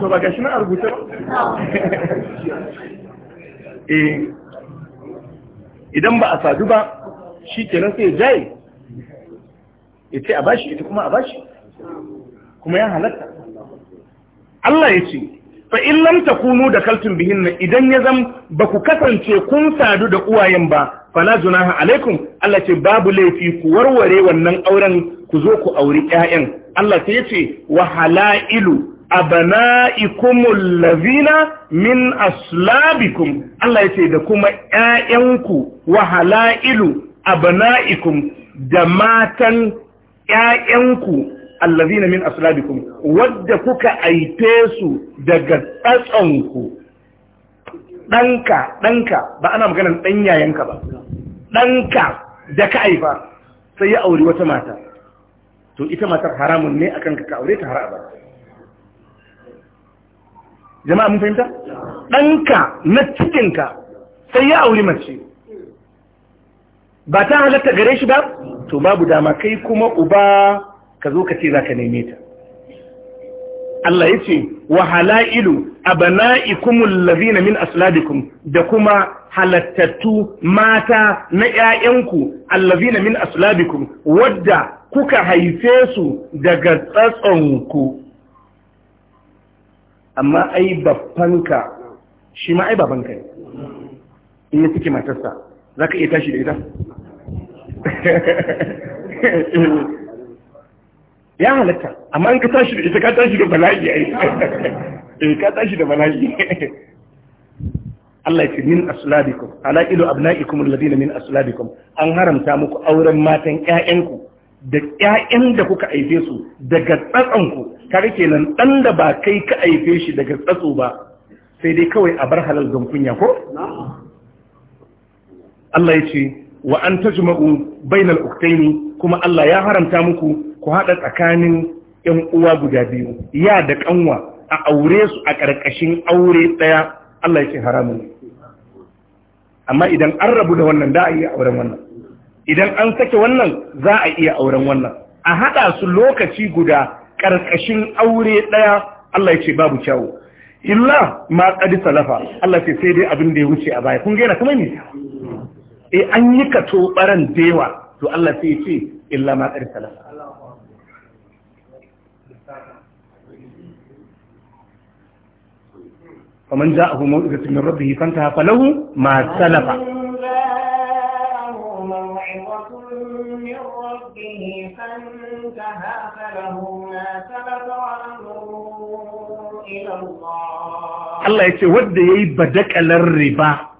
to ba shi na rubuce ba eh idan ba a sadu ba shi kenan sai jaye ya ce a bashi ita kuma a bashi kuma ya halatta Allah ya ce fa in lam takunu da kaltun bihinna idan ya zam ba ku kasance kun sadu da uwayen ba fala junaha alaikum Allah ce babu laifi ku warware wannan auren ku zo ku auri ƴaƴan Allah sai yace wa halailu abana'ikumul ladina min aslabikum Allah yace da kuma ƴaƴanku wa halailu abana'ikum da matan ƴaƴanku alladhina min aslabikum wadda kuka aite su daga tsatsanku ɗanka ɗanka ba ana maganar ɗan yayanka ba ɗanka da ka haifa sai ya auri wata mata to ita matar haramun ne akan ka aure ta har'a ba jama'a mun fahimta ɗanka na cikinka sai ya auri mace ba ta halatta gare shi ba to babu dama kai kuma uba ka zo ka ce za ka neme ta Allah ya ce wa halailu abana'ikumul ladina min asladikum da kuma halattattu mata na ƴaƴanku allazina min asladikum wadda kuka haife su daga tsatsonku amma ai babbanka shi ma ai babanka ne in ya suke matarsa za ka iya tashi da ita ya halatta amma in ka tashi da ita ka tashi da bala'i ai eh ka tashi da bala'i Allah ya ce min asladikum ala ilu abna'ikum alladhina min asladikum an haramta muku auren matan ƴaƴanku da ƴaƴan da kuka aife su daga tsatsanku kare kenan dan da ba kai ka aife shi daga tsatso ba sai dai kawai a bar halal don kunya ko Allah ya ce wa an tajma'u bainal ukhtaini kuma Allah ya haramta muku ku haɗa tsakanin ‘yan uwa guda biyu ya da ƙanwa a aure su a ƙarƙashin aure ɗaya Allah ya ce haramun amma idan an rabu da wannan da a iya auren wannan idan an sake wannan za a iya auren wannan a haɗa su lokaci guda ƙarƙashin aure ɗaya Allah ya ce babu kyawu illa ma tsadi salafa Allah ce sai dai abin da ya wuce a baya kun gaina kuma ne eh an yi kato ɓaran dewa to Allah sai ce illa ma tsadi salafa faman ja'ahu maw'izatun min rabbih fantaha falahu ma salafa Allah ya ce wadda ya yi badakalar riba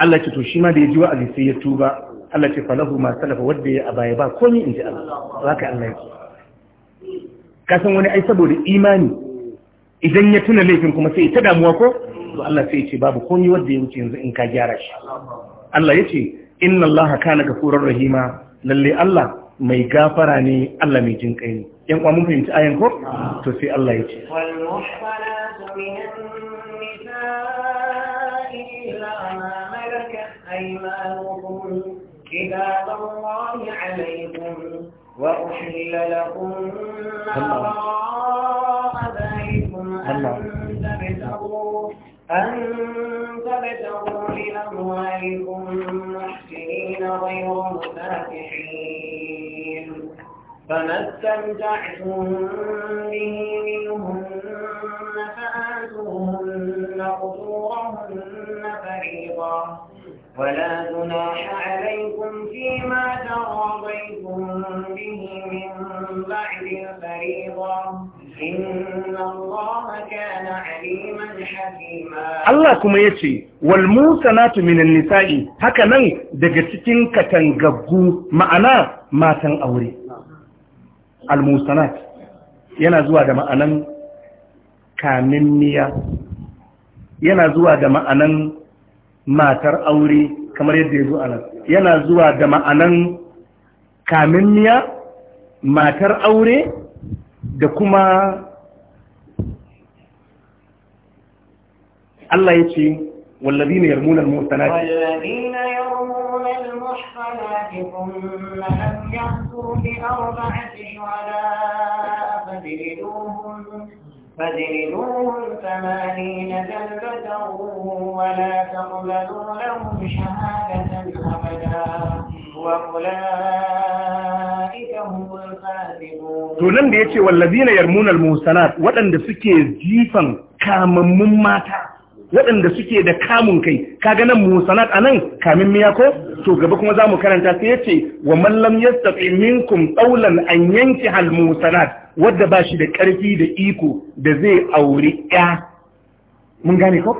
Allah ce to shi ma da ya ji wa'azi sai ya tuba Allah ce falahu ma salafa wadda ya abaya ba komai in ji Allah haka Allah ya ce ka san wani ai saboda imani idan ya tuna laifin kuma sai ta damuwa ko to Allah sai ce babu komai wanda ya wuce yanzu in ka gyara shi Allah yace inna Allah kana gafurur rahima lalle Allah mai gafara ne Allah mai jin kai ne yan kwa mun fahimci ayan ko to sai Allah yace wal muhsanatu minan nisa'i illa ma malakat aymanukum كتاب الله عليكم وأحل لكم ما أن تبتغوا لأموالكم محسنين غير مسافحين فما استمتعتم به منهن فآتوهن أجورهن فريضة ولا جناح عليكم فيما تراضيتم به من بعد الفريضة إن الله كان عليما حكيما الله كما يتي والموسنات من النساء هكذا دقتكين كتنقبو معنا ما تنأوري الموسنات yana zuwa da ma'anan kamimmiya yana zuwa da ma'anan matar aure kamar yadda ya zo a nan yana zuwa da ma'anan kaminniya matar aure da kuma Allah ya ce wallazi ne yarmuna al-muhsanati wallazi ne yarmuna al-muhsanati thumma فاجلدوهم ثمانين جلدة ولا تقبلوا لهم شهادة أبدا وأولئك هم الفاسقون تولن ديتي والذين يرمون المحسنات وأن دسكي جيفا كاممم ماتا waɗanda suke da kamun kai kaga nan musanat anan kamin miya ko to gaba kuma zamu karanta sai yace wa man lam yastati minkum qawlan an yanki hal musanat wanda ba shi da ƙarfi da iko da zai aure ya mun gane ko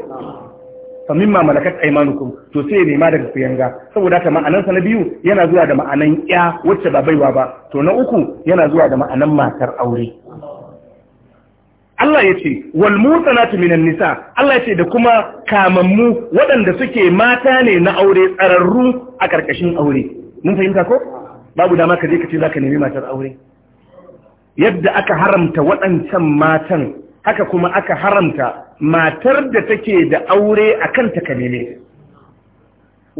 fa mimma malakat aymanukum to sai ne ma daga fiyanga saboda haka ma'anan sa na biyu yana zuwa da ma'anan ya wacce ba baiwa ba to na uku yana zuwa da ma'anan matar aure Allah ya ce wal na minan nisa Allah ya ce da kuma kamammu waɗanda suke mata ne na aure tsararru a ƙarƙashin aure mun fahimta ko babu dama ka je ka ce ka nemi matar aure yadda aka haramta waɗancan matan haka kuma aka haramta matar da take da aure akan ta ka neme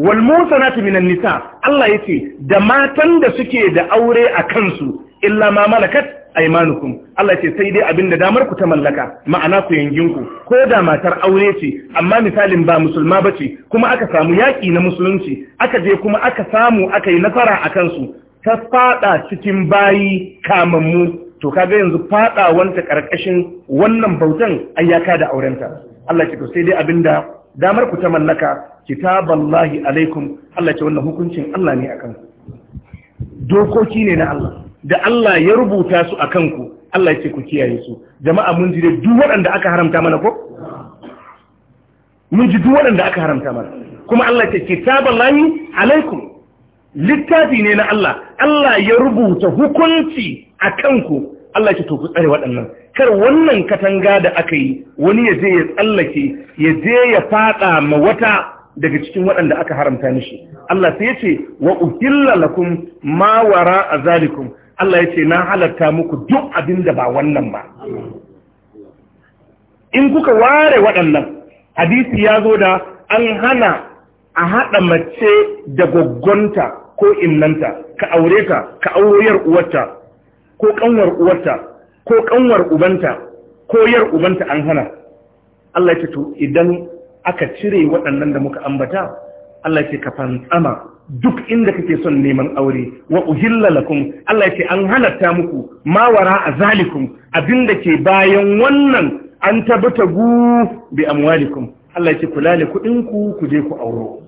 na mutsanatu nisa Allah ya ce da matan da suke da aure a kansu illa ma malakat aimanukum Allah ce sai dai abin da damar ku ta mallaka ma'ana ku yangin ku, ko da matar aure ce amma misalin ba musulma bace kuma aka samu yaki na musulunci aka je kuma aka samu aka yi nasara a kansu ta fada cikin bayi kamammu to kaga yanzu fadawanta karkashin wannan bautan ayyaka da aurenta Allah ce to sai dai abinda damar ku ta mallaka kitaballahi alaikum Allah ce wannan hukuncin Allah ne akan dokoki ne na Allah da Allah ya rubuta su a kanku Allah ya ce ku kiyaye su jama'a mun ji duk waɗanda aka haramta mana ko mun ji duk waɗanda aka haramta mana kuma Allah ya ce kitaballahi alaikum littafi ne na Allah Allah ya rubuta hukunci a kanku Allah ya ce to ku tsare waɗannan kar wannan katanga da aka yi wani ya je ya tsallake ya je ya faɗa ma wata daga cikin waɗanda aka haramta mishi Allah sai ya ce wa uhilla lakum ma wara azalikum Allah ya ce na halatta muku duk abin da ba wannan ba in kuka ware waɗannan hadisi ya zo da an hana a haɗa mace da goggonta ko innanta ka aure ta ka auroyar uwarta ko ƙanwar uwarta ko kanwar ubanta ko yar ubanta an hana Allah ya ce to idan aka cire waɗannan da muka ambata Allah ya ce ka fantsama duk inda kake son neman aure wa uhilla lakum Allah yake an halatta muku ma wara a zalikum abinda ke bayan wannan an tabbata gu bi amwalikum Allah yake kula da kuɗin ku ku je ku auro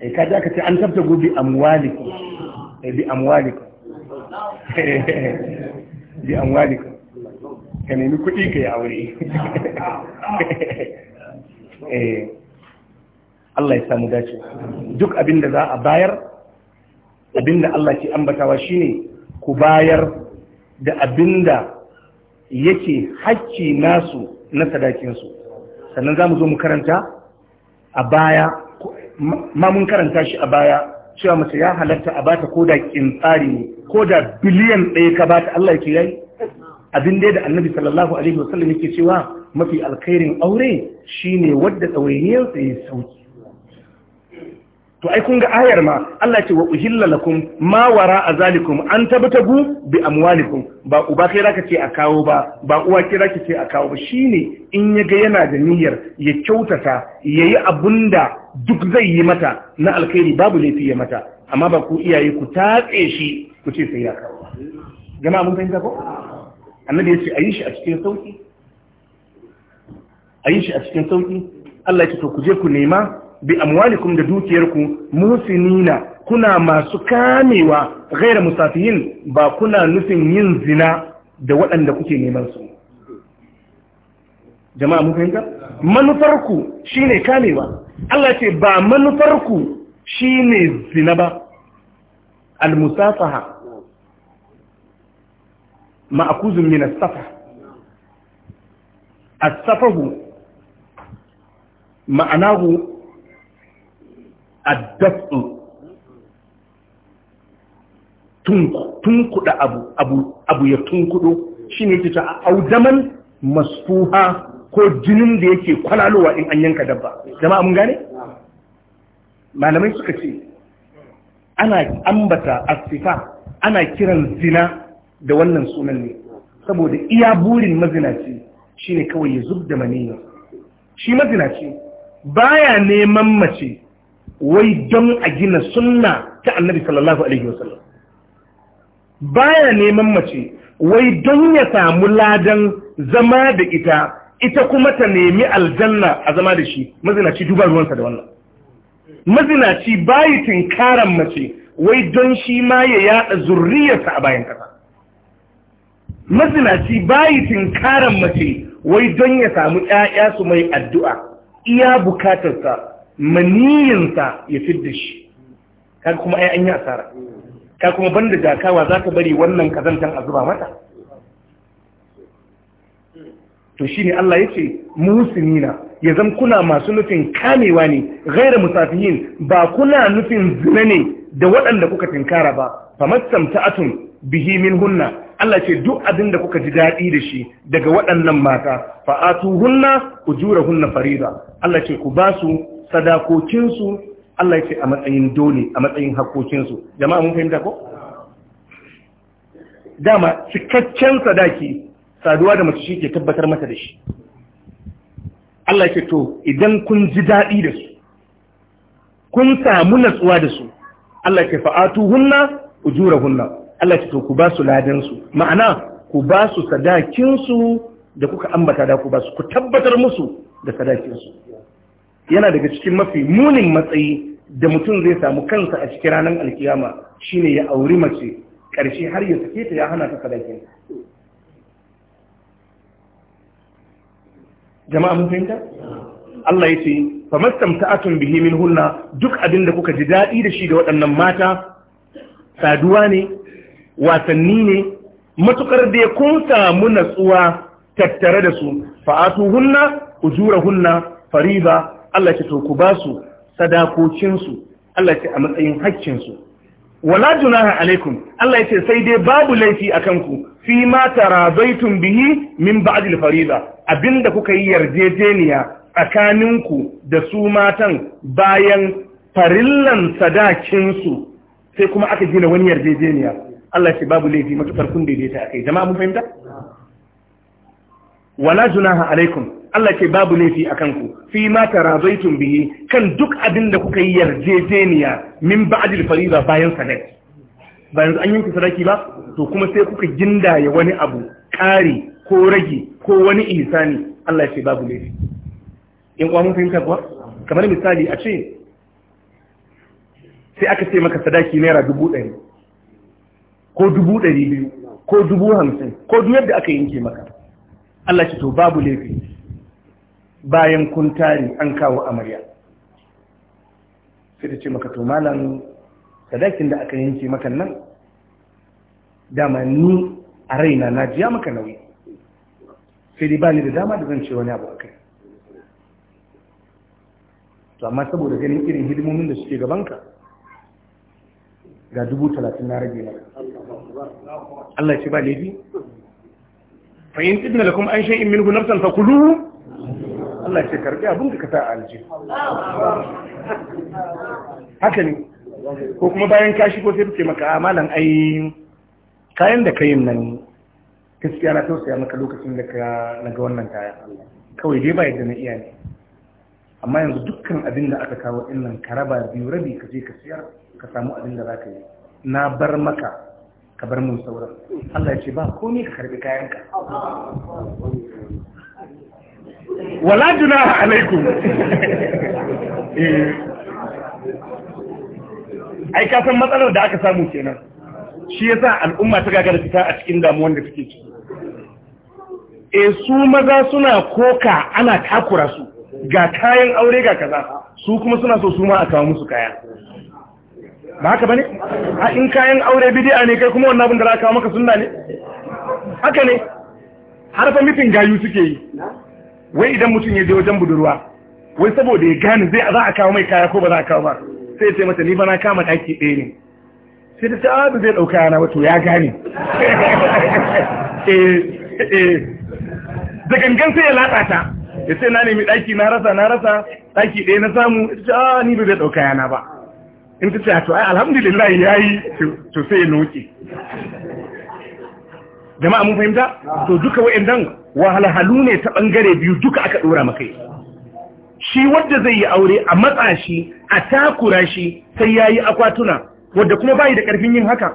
eh ji aka ce an tabbata gu bi amwalikum eh bi amwalikum bi amwalikum ka nemi kuɗi ka yi aure eh Allah ya samu dace duk abin da za a bayar abin da Allah ke ambatawa shine ku bayar da abin da yake hakki nasu na sadakinsu sannan za mu zo mu karanta a baya ma mun karanta shi a baya cewa mace ya halatta a bata ko da tsari ne ko da biliyan ɗaya ka bata Allah ke yayi abin dai da annabi sallallahu alaihi wasallam yake cewa mafi alkhairin aure shine wadda ɗawainiyarsa ya sauki to ai kun ga ayar ma Allah ce wa uhilla lakum ma wara azalikum an tabtagu bi amwalikum ba uba kai zaka ce a kawo ba ba uwa kai zaka ce a kawo ba shine in yaga yana da niyyar ya kyautata yayi abunda duk zai yi mata na alkhairi babu laifi ya mata amma ba ku iyaye ku tatse shi ku ce sai ya kawo gama mun fahimta ko annabi yace ayi shi a cikin sauki ayi shi a cikin sauki Allah ya ce to ku je ku nema bi amwalikum da dukiyarku musinina kuna masu kamewa gaira musafihin ba kuna nufin yin zina da waɗanda kuke neman su jama'a mun fahimta manufarku shine kamewa Allah ce ba manufarku shine zina ba al-musafaha ma'akuzun min as-safa as-safahu ma'anahu addafu tunkuɗa abu abu abu ya tunkuɗo shi ne yake ta audaman masfuha ko jinin da yake kwalalowa in an yanka dabba jama'a mun gane malamai suka ce ana ambata asifa ana kiran zina da wannan sunan ne saboda iya burin mazinaci shine kawai ya zubda da shi mazinaci baya neman mace wai don a gina sunna ta annabi sallallahu alaihi wasallam baya neman mace wai don ya samu ladan zama da ita ita kuma ta nemi aljanna a zama da shi mazinaci duba ruwansa da wannan mazinaci bayi karan mace wai don shi ma ya yada zurriyarsa a bayan kasa mazinaci bayi karan mace wai don ya samu ƴaƴa su mai addu'a iya bukatarsa maniyinsa ya fidda shi ka kuma ai an yi asara ka kuma banda jakawa za ka bari wannan kazantan a zuba mata to shi ne Allah ya ce nina, ya zan kuna masu nufin kamewa ne gaira musafihin ba kuna nufin zina ne da waɗanda kuka tinkara ba matsamta atun bihi min hunna Allah ce duk abin da kuka ji daɗi da shi daga waɗannan mata fa'atu hunna ku jure hunna farida Allah ce ku ba su sadakokinsu Allah ya ce a matsayin dole a matsayin hakokinsu jama'a mun fahimta ko dama cikakken sadaki saduwa da mace shi ke tabbatar mata da shi Allah ya ce to idan kun ji daɗi da su kun samu natsuwa da su Allah ya ce fa'atu hunna ujura hunna Allah ya ce to ku ba su ladan su ma'ana ku ba su sadakin da kuka ambata da ku ba su ku tabbatar musu da sadakinsu. yana daga cikin mafi munin matsayi da mutum zai samu kansa a cikin ranar alkiyama shine ya auri mace ƙarshe har ya sake ta ya hana ta sadakin jama'a mun fahimta Allah ya ce fa atun bihi min hunna duk abin da kuka ji daɗi da shi da waɗannan mata saduwa ne wasanni ne matukar da kun samu natsuwa tattare da su fa'atu hunna ujura hunna fariba Allah ce to ku ba su sadakokinsu Allah ce a matsayin su wala junaha alaikum Allah ce sai dai babu laifi a kanku fi ma tarazaitum bihi min al fariida abinda kuka yi yarjejeniya tsakaninku da su matan bayan farillan sadakinsu sai kuma aka gina wani yarjejeniya Allah ce babu laifi matuƙar kun daidaita akai jama'a mun fahimta wala junaha alaikum Allah ce babu laifi a kanku fi ma tarazaitun bihi kan duk abin da kuka yi yarjejeniya min ba'dil fariza bayan ba bayan an yanke sadaki ba to kuma sai kuka gindaya wani abu ƙari ko rage ko wani ihsani Allah ce babu laifi in kuwa mun fahimta kuwa kamar misali a ce sai aka ce maka sadaki naira dubu ɗari ko dubu ɗari biyu ko dubu hamsin ko duk yadda aka yanke maka Allah ce to babu laifi bayan kun tari an kawo amarya sai ta ce maka to malam sadakin da aka yanke maka nan dama ni a raina na jiya maka nauyi sai dai bani da dama da zan ce wani abu a kai to amma saboda ganin irin hidimomin da suke gabanka ga dubu talatin na rage maka Allah ce ba laifi fa'in idna lakum an shay'in minhu nafsan fakuluhu Allah ce karbi abin da ka sa a aljihu haka ne ko kuma bayan ka shigo sai ce maka amalan ai kayan da kayin nan gaskiya na tausaya maka lokacin da ka naga wannan kaya, kawai dai ba yadda na iya ne amma yanzu dukkan abin da aka kawo din nan ka raba biyu rabi ka je ka siyar ka samu abin da zaka yi na bar maka ka bar mun sauran Allah ya ce ba komai ka karbi ka. wala junaha alaikum eh. ai ka san matsalar da aka samu kenan shi yasa al'umma ta gagara fita a cikin damuwan da suke ciki e su maza suna koka ana takura su ga kayan aure ga kaza su kuma suna so su ma a kawo musu kaya ba haka bane a in kayan aure bidi'a ne kai kuma wannan abin da za ka kawo maka sunna ne haka ne har fa mitin gayu suke yi wai idan mutum ya je wajen budurwa wai saboda ya gane zai za a kawo mai kaya ko ba za a kawo ba sai ya ce mata ni bana kama daki ɗaya ne sai ta ce a ah, ba zai ɗauka yana wato ya gane eh, eh. da gangan sai ya latsa ta ya ce na nemi daki na rasa na rasa daki ɗaya na samu ita ce a ah, ni ba zai ɗauka yana ba in ta ce to ai alhamdulillah ya yi to sai ya noke jama'a mun fahimta to duka wa'annan wahalhalu ne ta bangare biyu duka aka dora maka shi wanda zai yi aure a matsa shi a takura shi sai yayi akwatuna wanda kuma bai da karfin yin haka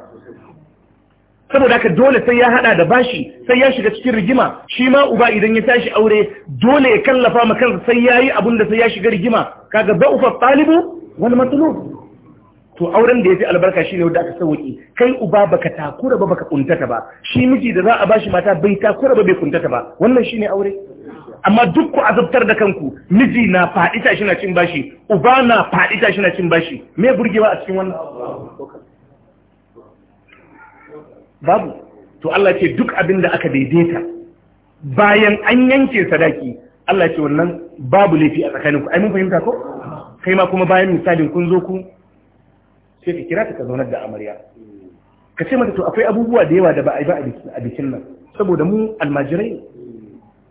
saboda haka dole sai ya hada da bashi sai ya shiga cikin rigima shi ma uba idan ya tashi aure dole ya kallafa ma kansa sai yayi abun da sai ya shiga rigima kaga ba'ufa talibu wal matlub to auren da ya fi albarka shi ne wanda aka sauwaƙi kai uba baka takura ba baka kuntata ba shi miji da za a bashi mata bai takura ba bai kuntata ba wannan shi ne aure amma duk ku azabtar da kanku miji na faɗi tashi na cin bashi uba na faɗi tashi na cin bashi me burgewa a cikin wannan babu to Allah ce duk abin da aka daidaita bayan an yanke sadaki Allah ce wannan babu laifi a tsakaninku ai mun fahimta ko kai ma kuma bayan misalin kun zo ku sai ka kira ta ka zaunar da amarya ka ce mata to akwai abubuwa da yawa da ba a yi ba a bikin nan saboda mu almajirai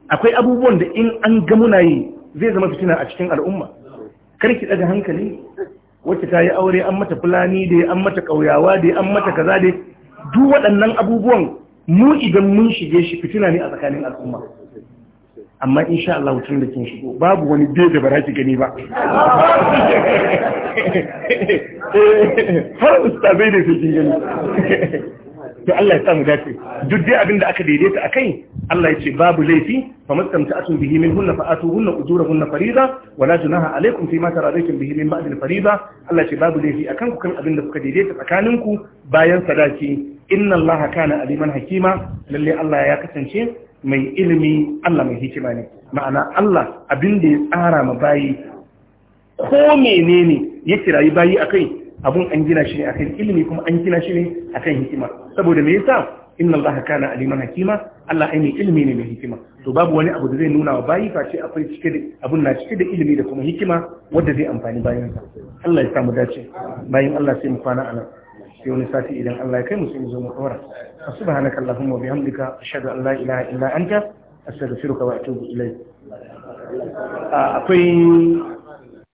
akwai abubuwan da in an ga muna yi zai zama fitina a cikin al'umma kar ki daga hankali wacce ta yi aure an mata fulani da an mata kauyawa da an mata kaza da duk waɗannan abubuwan mu idan mun shige shi fitina ne a tsakanin al'umma amma insha Allah tun da kin shigo babu wani bai da baraki gani ba har ustazai da su gani to Allah ya samu dace duk dai abin da aka daidaita akai Allah ya ce babu laifi fa mastamta'atun bihi min hunna fa atuhunna ujurahunna fariida wa la junaha alaykum fi ma taradaytum bihi min ba'd al-fariida Allah ya ce babu laifi akan ku kan abin da kuka daidaita tsakaninku bayan sadaki inna Allah kana aliman hakima lalle Allah ya kasance mai ilimi Allah mai hikima ne ma'ana Allah abin da ya tsara ma bayi ko menene ya kirayi bayi akai abun an gina shi ne akan ilimi kuma an gina shi ne akan hikima saboda me yasa inna allaha kana aliman hakima Allah aini ilimi ne mai hikima to babu wani abu da zai nuna wa bayi face akwai cike da abun na cike da ilimi da kuma hikima wanda zai amfani bayan sa Allah ya samu dace bayan Allah sai mu kwana anan sai wani sati idan Allah ya kai mu sai mu zo mu dora subhanaka allahumma bihamdika ashhadu an la ilaha illa anta astaghfiruka wa atubu ilayk akwai